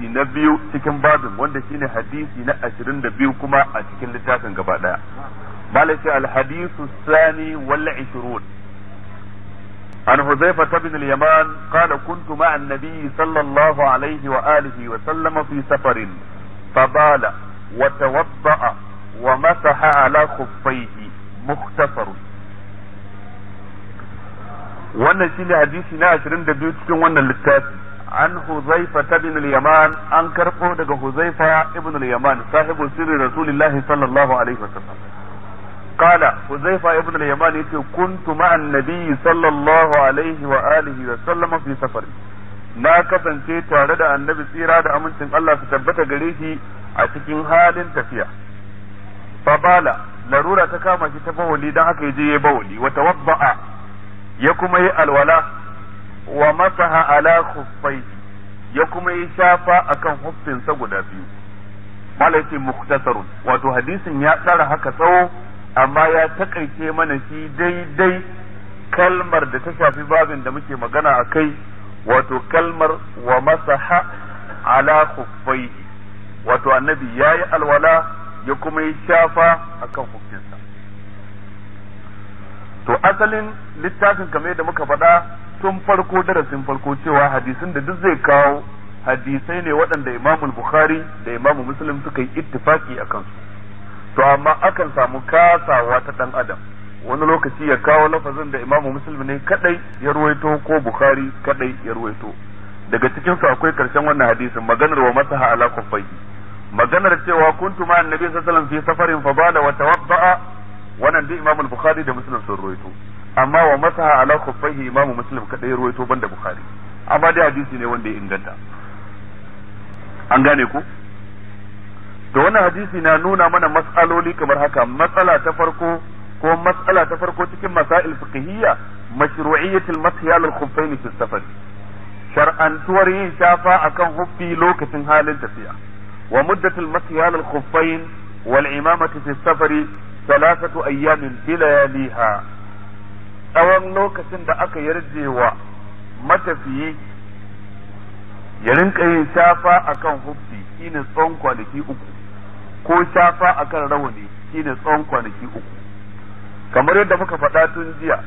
na biyu cikin babin wanda shine hadisi na biyu kuma a cikin littafin gaba ɗaya malaka al hadisu sani wal 20 عن حذيفة بن اليمان قال كنت مع النبي صلى الله عليه وآله وسلم في wannan shine hadisi na cikin wannan littafin. an huzaifata bin al an karɓo daga huzaifa ibn al-yaman sahibu sirri sallallahu alaihi wasallam qala huzaifa ibn ya ce, yace kuntu ma'a an sallallahu alaihi wa alihi wa sallam fi safari na kasance tare da annabi tsira da amincin Allah su tabbata gare shi a cikin halin tafiya fabala larura ta kama shi ta bawali dan haka yaje ya bawali wa tawabba'a ya kuma yi alwala wa masaha ala khuffaihi ya kuma yi shafa akan huffinsa guda biyu malaki muktasarun wato hadisin ya tsara haka tsawo amma ya takaice mana shi daidai kalmar da ta shafi babin da muke magana a kai wato kalmar wa masaha ala khuffaihi wato annabi ya yi alwala ya kuma yi shafa akan huffinsa to asalin littafin kamar yadda muka faɗa tun farko darasin farko cewa hadisin da duk zai kawo hadisai ne waɗanda imamul bukhari da imamu muslim suka yi ittifaki a kansu to amma akan samu kasawa ta ɗan adam wani lokaci ya kawo lafazin da imamu muslim ne kadai ya ruwaito ko bukhari kadai ya ruwaito daga cikin su akwai karshen wannan hadisin maganar wa masaha ala kuffai maganar cewa kuntu ma annabi sallallahu alaihi wasallam fi safarin fa bala wa tawadda wannan da imamul bukhari da muslim sun ruwaito amma wa masaha ala kuffaihi imamu muslim kadai ya ruwaito banda bukhari amma dai hadisi ne wanda ya inganta an gane ku to wannan hadisi na nuna mana matsaloli kamar haka matsala ta farko ko matsala ta farko cikin masail fiqhiyya mashru'iyyatul mashi ala al-khuffayn fi safar shar'antuwar yin shafa akan huffi lokacin halin tafiya wa muddatul mashi ala al wal imamati fi safari thalathatu ayyamin bilayaliha tsawon lokacin da aka yarje wa matafiyi ya rinka yin shafa akan shi shine tsawon kwanaki uku ko shafa akan rawani shine tsawon kwanaki uku kamar yadda muka faɗa tun jiya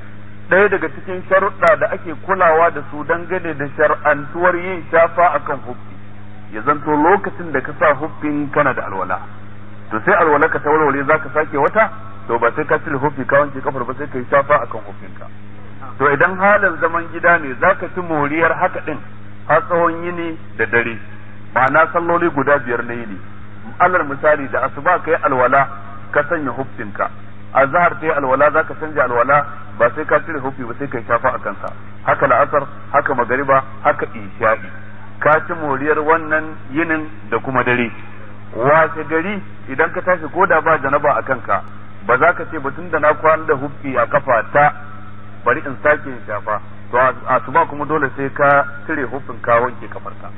ɗaya daga cikin sharuɗa da ake kulawa da su dangane da shar'antuwar yin shafa akan hufi ya zanto lokacin da ka sa hufin kana da alwala to sai alwala ka ta warware za ka sake wata to ba sai ka cire hufi ka wanke kafar ba sai ka yi shafa akan hufinka to idan halin zaman gida ne za ka ci moriyar haka ɗin har tsawon yini da dare ma'ana salloli guda biyar na yini alal misali da asuba ka yi alwala ka sanya hufinka a zahar ta yi alwala za ka canja alwala ba sai ka cire hufi ba sai ka yi shafa a kansa haka la'asar haka magariba haka isha'i ka ci moriyar wannan yinin da kuma dare washe gari idan ka tashi ko da ba janaba a kanka ba za ka ce batun da na kwana da hukki a kafa ta bari in sake shafa to a kuma dole sai ka cire huffin ka wanke kafarka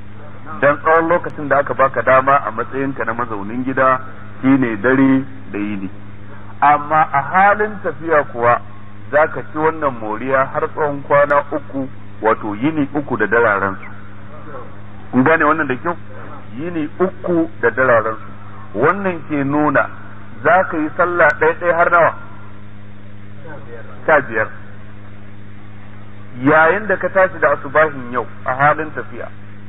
dan tsawon lokacin da aka baka dama a matsayinka na mazaunin gida shine dare da yini amma a halin tafiya kuwa za ka ci wannan moriya har tsawon kwana uku wato yini uku da dararen su gane wannan da kyau yini uku da dararen wannan ke nuna za ka yi sallah ɗaya har nawa sha biyar yayin da ka tashi da asubahin yau a halin tafiya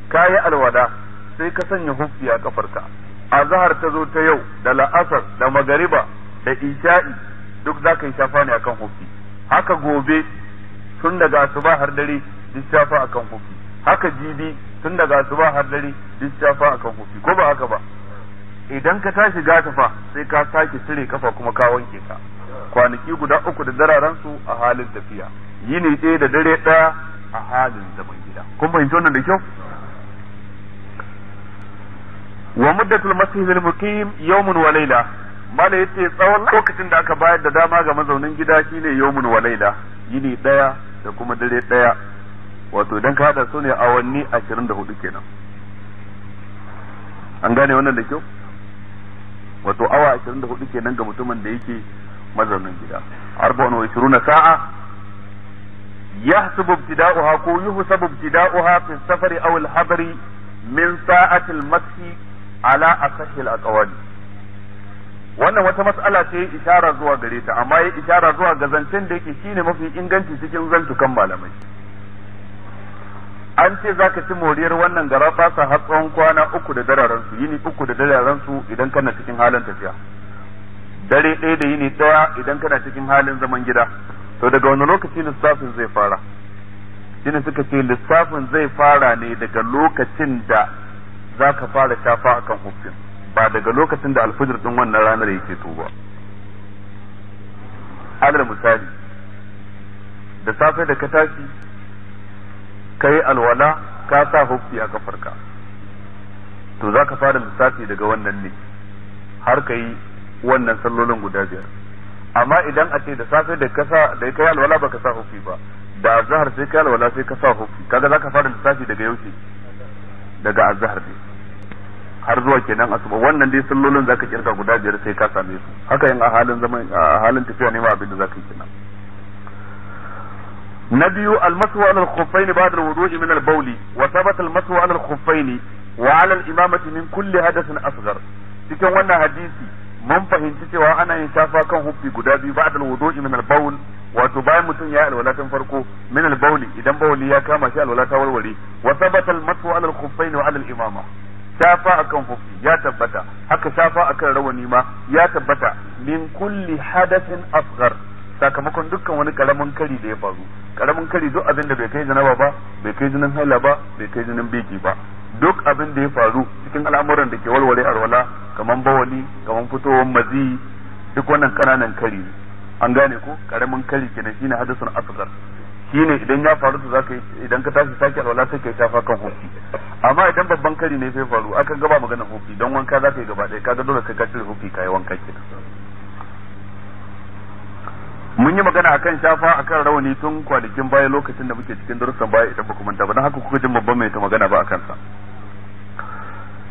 ka yi alwada sai ka sanya hufi a kafarka a zahar ta zo ta yau da la'asar da magariba da isha'i duk za ka yi shafa ne akan hufi haka gobe tun daga asuba har dare duk shafa akan hufi haka jibi tun daga asuba har dare duk shafa akan hufi ko ba haka ba idan ka tashi gata fa sai ka sake cire kafa kuma ka wanke ka kwanaki guda uku da dararen su a halin tafiya yini ɗaya da dare ɗaya a halin zaman gida kun fahimci wannan da kyau wa muddatul masjid muqim yawmun wa layla mala yace tsawon lokacin da aka bayar da dama ga mazaunin gida shine yawmun wa layla yini daya da kuma dare daya wato idan ka hada su ne awanni 24 kenan an gane wannan da kyau wato awa 24 kenan ga mutumin da yake mazaunin gida arba'un wa 20 sa'a yahsubu ibtida'uha ko yuhsabu ibtida'uha fi safari aw al-hadri min sa'ati al-masi ala asahil a aqwali wannan wata mas'ala ce isharar zuwa gare ta amma ya isharar zuwa ga zancen da yake shine mafi inganci cikin zantukan malamai an ce za ka ci moriyar wannan gara fasa har tsawon kwana uku da dararen su yini uku da dararen su idan kana cikin halin tafiya dare ɗaya da yini ɗaya idan kana cikin halin zaman gida to daga wani lokaci lissafin zai fara ne suka ce lissafin zai fara ne daga lokacin da za ka fara shafa akan hufin ba daga lokacin da alfijir ɗin wannan ranar yake to ba alal misali da safe da ka tashi kai alwala ka sa hukki a kafarka to za ka fara lissafi daga wannan ne har ka yi wannan sallolin guda biyar amma idan a ce da safe da ka sa da kai alwala baka sa hukki ba da azhar sai kai alwala sai ka sa hukki kaga za ka fara lissafi daga ce daga azhar ne har zuwa kenan asuba wannan dai sallolin zaka kirka guda biyar sai ka same su haka yin a halin zaman a halin tafiya ne ma abin da zaka yi kenan na biyu almasu ala al-khuffain ba'da al min al-bawl wa thabata almasu ala al-khuffain wa ala al-imamati min kulli hadathin asghar cikin wannan hadisi mun fahimci cewa ana yin shafa kan huffi guda biyu ba'da al min al-bawl wato bayan mutum ya alwala tun farko min al idan bawli ya kama shi alwala ta warware wa thabata al-masu ala al-khuffain wa ala al-imama shafa akan hufi ya tabbata haka shafa akan rawani ma ya tabbata min kulli hadathin asghar sakamakon dukkan wani karamin kari da ya faru karamin kari duk abin da bai kai janaba ba bai kai jinin haila ba bai kai jinin beki ba duk abin da ya faru cikin al'amuran da ke walwale arwala kaman bawali kaman fitowar mazi duk wannan kananan kari an gane ko karamin kari kenan shine hadisun asghar shine idan ya faru to zaka idan ka tashi saki alwala sai kai shafa kan hofi amma idan babban kari ne sai faru akan gaba magana hofi dan wanka zaka yi gaba ɗaya kaga dole sai ka cire hofi kai wanka kenan mun yi magana akan shafa akan rawani tun kwanakin baya lokacin da muke cikin darussan baya idan ba manta ba don haka kuka jin babban mai ta magana ba akan sa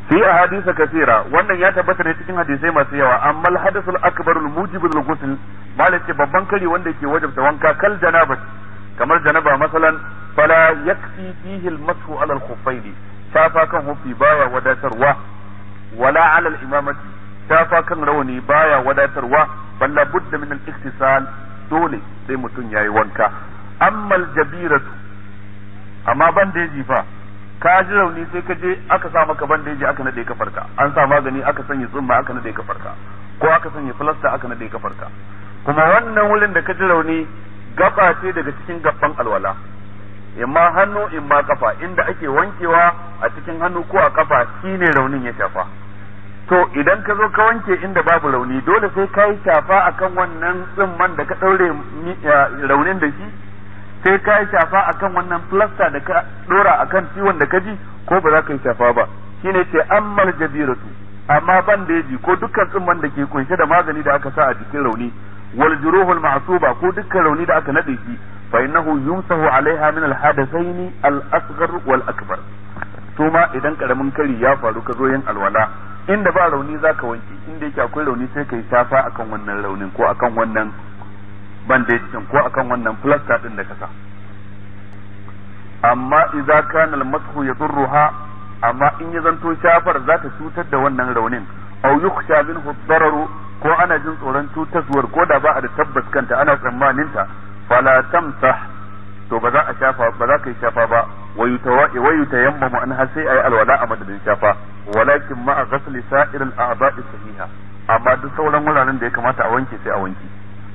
fi ahadisa kasira wannan ya tabbata ne cikin hadisai masu yawa amma al-hadathul akbar al-mujib ce babban kari wanda yake wajabta wanka kal janaba kamar janaba masalan fala yakfi fihi al-mashu ala al shafa kan hufi baya wadatarwa wala ala al shafa kan rawani baya wadatarwa balla budda min al-iktisal dole sai mutum ya yi wanka ammal jabiratu amma bandeji fa ka ji rauni sai ka je aka sa maka bandeji aka nade kafarka an sa magani aka sanya tsumma aka nade farka ko aka sanya filasta aka nade kafarka kuma wannan wurin da ka ji rauni gaba ce daga cikin gaban alwala imma hannu imma kafa inda ake wankewa a cikin hannu ko a kafa shine raunin ya shafa to idan ka zo ka wanke inda babu rauni dole sai ka yi shafa akan wannan tsimman da ka ɗaure raunin da shi sai ka yi shafa akan wannan plasta da ka ɗora akan ciwon da ka ji ko ba za ka yi shafa ba shine ce ammal jabiratu amma ban da yaji ko dukkan tsimman da ke kunshe da magani da aka sa a jikin rauni wal juruhul ma'suba ko dukkan rauni da aka nade shi fa innahu yumsahu alaiha min al hadathaini al asghar wal akbar to ma idan karamin kari ya faru ka zo yin alwala inda ba rauni za ka wanke inda yake akwai rauni sai ka yi safa akan wannan raunin ko akan wannan bandage din ko akan wannan plaster din da kasa amma idza kana al-mashu yadurruha amma in ya zanto shafar za ta cutar da wannan raunin aw yukhsha minhu ad ko ana jin tsoron cutarwar ko da ba a da tabbas kanta ana tsammanin ta fala tamsah to ba za a shafa ba za ka yi shafa ba wa yamma an har sai a yi alwala a madadin shafa walakin ma ma'a ghasli sa'ir al-a'dha'i sahiha amma duk sauran wuraren da ya kamata a wanke sai a wanke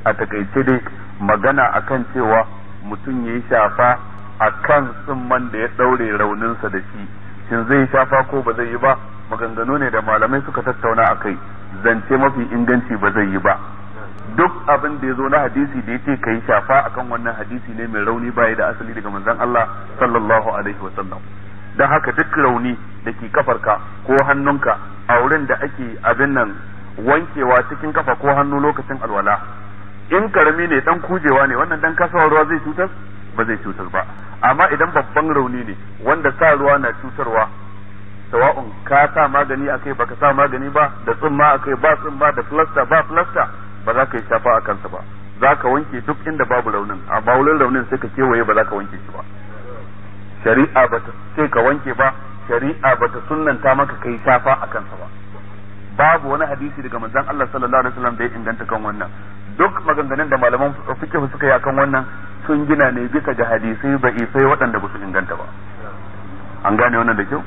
a takaice dai magana akan cewa mutum yayi shafa a akan tsimman da ya daure rauninsa da shi shin zai yi shafa ko ba zai yi ba maganganu ne da malamai suka tattauna kai zance mafi inganci ba zai yi ba duk abin da ya zo na hadisi da yake kai shafa akan wannan hadisi ne mai rauni baya da asali daga manzon Allah sallallahu alaihi wasallam dan haka duk rauni da ke ka ko hannunka a wurin da ake abin nan wankewa cikin kafa ko hannu lokacin alwala in karami ne dan kujewa ne wannan dan kasawa ruwa zai cutar ba zai cutar ba amma idan babban rauni ne wanda sa ruwa na cutarwa sawa'un ka sa magani akai baka sa magani ba da tsumma akai ba tsumma da plaster ba plaster ba za ka yi shafa a kansa ba za ka wanke duk inda babu raunin amma wurin raunin sai ka kewaye ba za ka wanke shi ba shari'a ba ta sai ka wanke ba shari'a ba ta sunnanta maka kai shafa a kansa ba babu wani hadisi daga manzon Allah sallallahu alaihi wasallam da ya inganta kan wannan duk maganganun da malaman fiqh suka yi kan wannan sun gina ne bisa ga hadisai da'ifai waɗanda ba su inganta ba an gane wannan da kyau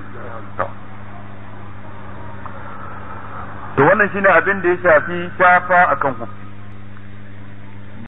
to wannan shine abin da ya shafi shafa akan hufi